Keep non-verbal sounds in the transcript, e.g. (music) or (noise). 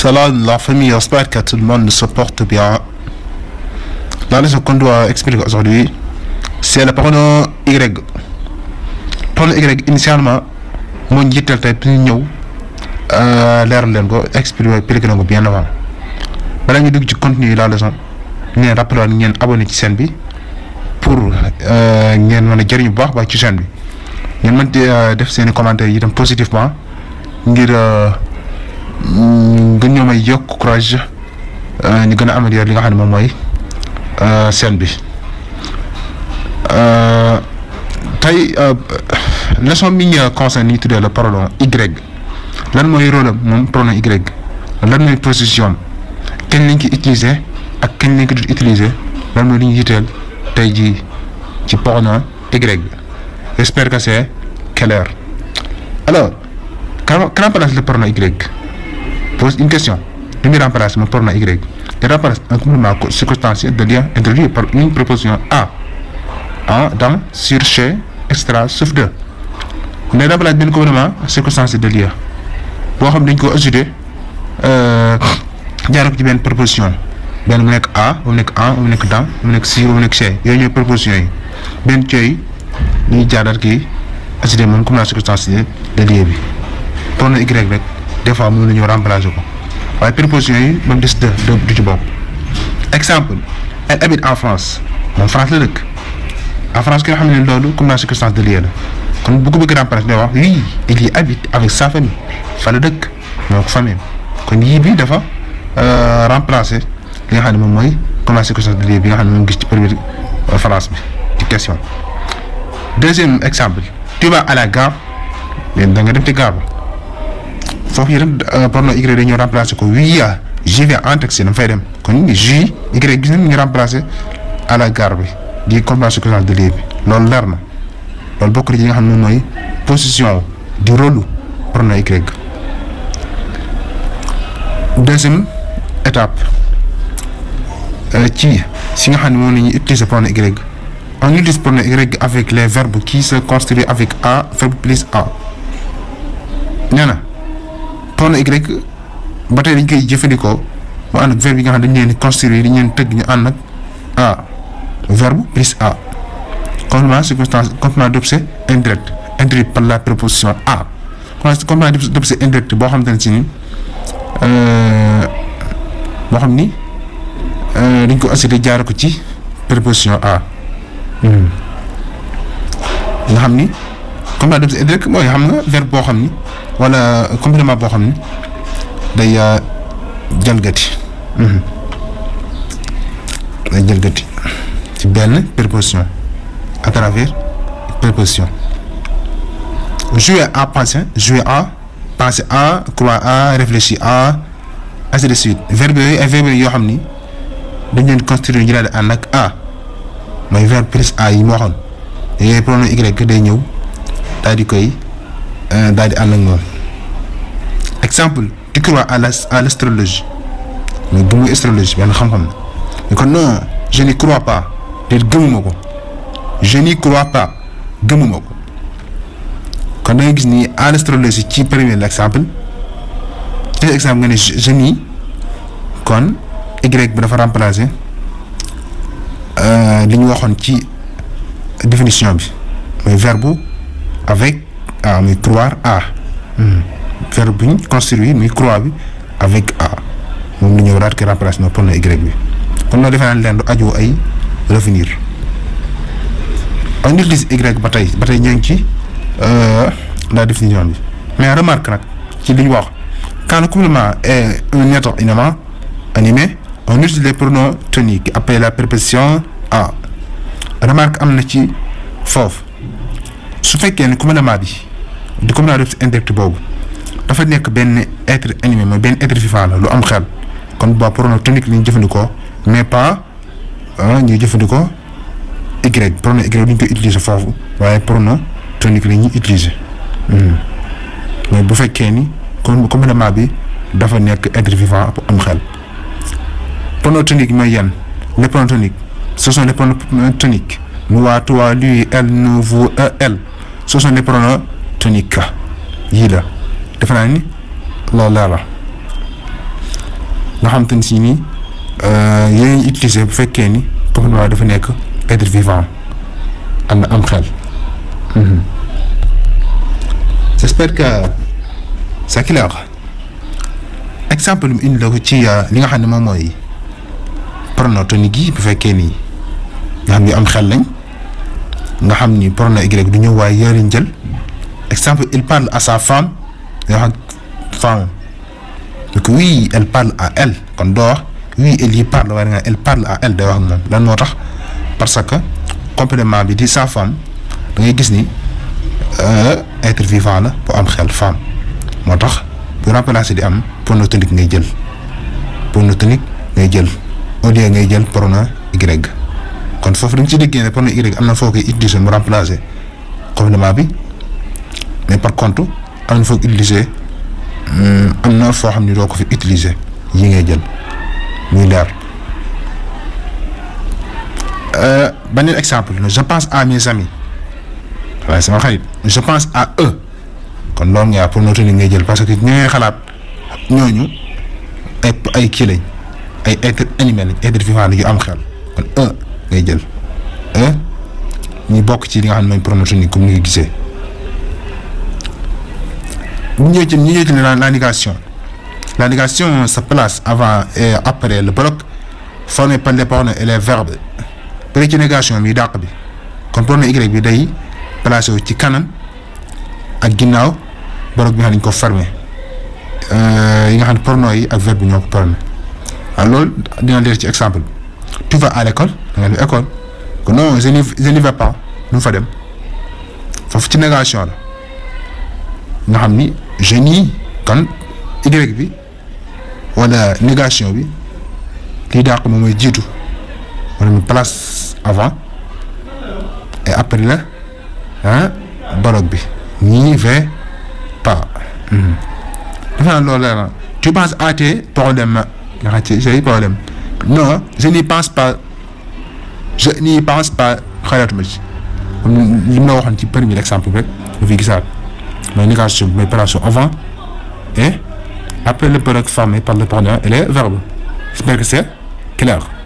cela, la famille espère que tout le monde La leçon qu'on doit expliquer aujourd'hui, c'est le pronom Y. pronom Y, moo njiital tey ñu ñëw euh, leeral leen ko expliqué na ko bien avant balaa ñu dugg ci continuer la leçon ñu leen rappelé woon ngeen abonné ci seen bi pour euh, ngeen mën a jëriñu baax baax ci chaîne bi ngeen mën euh, def seen i yi itam positivement ngir. gën ñoo may yokk courage euh, ñu gën a améliorer li nga xam ne moom mooy euh, scène bi euh, tey leçon bi ñu concerne ni ñu tuddee le pronom Y lan mooy rôle moom moom pronom Y lan mooy position kañ lañ ko utiliser ak kañ lañ ko dul utiliser lan mooy li ñu yitteel tey jii ci pronom Y j'espère que c'est clair alors quand on place le pronom Y pose une question. Une remplace mon pronom Y et remplace un complément de lien introduit par une proposition A. En, dans, sur, chez, extra, sauf de. ne remplace benn complément circonstanciel de lien boo xam dañ ko ajouté euh, (coughs) jaaree ko ci benn proposition benn mu nekk A mu nekk en mu nekk dans mu nekk sur mu nekk chez yooyu ñooy propositions yi benn cooy ñuy jaaraat kii ajouté moom complément circonstanciel de lien bi pronom Y rek. des fois mën nañoo remplacer ko waaye préposition yi même des de du ci bokk exemple elle habite en France moom France la dëkk en France ki nga xam ne loolu comme la circonstance de lieu la kon bu ko bëgg remplacer day wax yii il y habite avec sa fa la dëkk bi dafa euh, remplacer li nga xam ne moom mooy comme la circonstance de lieu bi nga xam ne moom gis ci première euh, phrase bi ci question deuxième exemple tu vas à la gare mais da nga dem ci gare ba foofu itam porno Y dañoo remplacé ko UIA JV antaxi dama fay dem kon J Y gis nañ ñu remplacé à la gare bi di complétion culturelle de lieu bi loolu leer na loolu bokk na ci nga xam ne mooy position di rôle porno Y. deuxième étape euh, ci si nga xam ne moom la ñuy utiliser porno Y on utilise porno Y avec les verbes qui se construisent avec A verbe plus A nee wala Y ba tey koy jëfandikoo mu ànd ak yi nga xam dañ leen di dañ leen tëgg ñu a verbe a complément circonstance complément d'objet indirect induit par la préposition a complément d'objet indirect boo xamante ne si ni euh, boo xam ni euh, dañ ko assuré jaare ko ci préposition a hmm. nga xam ni complément d'objet indirect mooy xam nga verbe boo xam ni wala complément boo xam ne day euh, jalgati mhm. day jalgati ci benn préposition à travers préposition jouer à penser jouer à penser à croire à réfléchir à ainsi de suite verbe yooyu yoo xam ni dañ leen construire ñu daal di ànd ak a mooy verbe a yi moo waxoon yooyu pronom y day ñëw daal di koy euh, daal di ànd ak exemple tu crois à la à l'astrologie mais bu muy astrologie benn xam-xam la mais kon non je n'y crois pas te gëmuma ko je yi crois pas gëmuma ko kon da nga gis ni à l'astrologie ci premier exemple ci exemple nga ne je n'y kon Y bi dafa remplacer euh, li ñu waxoon ci définition bi mooy verbe avec ah muy croire fer bu ñu construit muy croix bi avec moom la ñu war a daal remplacé na pône Y bi kon loolu defe naa leen du aju ay revenir on utilise Y ba tey ba tey ñoo ngi ci euh, la définition bi mais remarque nag ci li ñu wax quand le complément est un être inanimé animé on utilise les pronoms la préposition A remarque am na ci foofu su fekkee ne complément bi di complément de indirect boobu. dafa nekk benn être animé mooy benn être vivant la lu am xel kon ba pronom tonique la ñu jëfandikoo mais pas ah ñuy jëfandikoo Y pronom Y du ñu koy utiliser foofu waaye pronom tonique la ñuy hmm. mais bu fekkee ni comme complément bi dafa nekk être vivant bu am xel pronom tonique mooy yan les pronoms toniques ce sont les pronoms toniques moi toi lui elle nous vous eux elle ce sont les yii la. defe naa ni loolu la nga xam te ne si nii euh, yéen ñi bu fekkee ni Pogba dafa nekk être vivant am na am xel. Mm-hmm. j'espère que c'est clair exemple bi mu indi la ko ci euh, li nga xam ne moom mooy pronotonie gi bu fekkee ni nga xam ni am xel lañ nga xam ni prono Y du ñëw waaye yëriñ jël exemple il parle à sa femme. Enfin, donc oui elle parle à elle kon doo wax oui elle y parle waaye nga elle parle à elle day wax moom lan moo tax parce que complément bi di sa femme da ngay gis ni euh, être vivant la bu am xel femme moo tax bu di am pronom tonique ngay jël pronom tonique ngay jël au lieu ngay jël pronom y kon foofu dañ ci déggee ne pronom y am na foo koy utiliser mu remplacer complément bi mais par contre. am foo utiliser hmm, am na foo xam ne doo ko fi utiliser yi ngay jël muy leer euh, neen exemple je pense à mes amis waaye sama xarit je pense à eux kon loolu nga pour noter ngay jël parce que ñoo ngay xalaat ñooñu ay ay kii lañ ay être animé lañ être yu am xel kon e ngay jël e ñu bokk ci li nga xam ne mooy comme ni nga gisee ñu ñëw ci ñu ñëw ci la négation la négation se place avant et après le bloc formé par les pronoms et les verbes pare ci négation bi dàq bi kon pronom Y bi day placé wu ci kanam ak ginnaaw bloc bi nga xam ne ko euh, yi nga xam ne pronoms yi ak verbe bi ñoo ko formé alors loolu dina leer ci exemple tu vas à l'école da nga école kon non je ne nu fa dem foofu ci négation la nga xam ni. jeunes yi kan Y bi wala négation bi liy dàq moom mooy jiitu wala mu place avant et après la ah bi ñii vingt pas. defe hmm. naa loolu la tu penses à tes problèmes nga xam ci say problème non je n'y pense pas je n'y pense pas xalaatuma ci comme li ma waxoon ci premier exemple rek bu fi gisaat. mooy négation bi mooy préparation avant et après le verbe farmé par le pendant et les verbes j'espère que c'est clair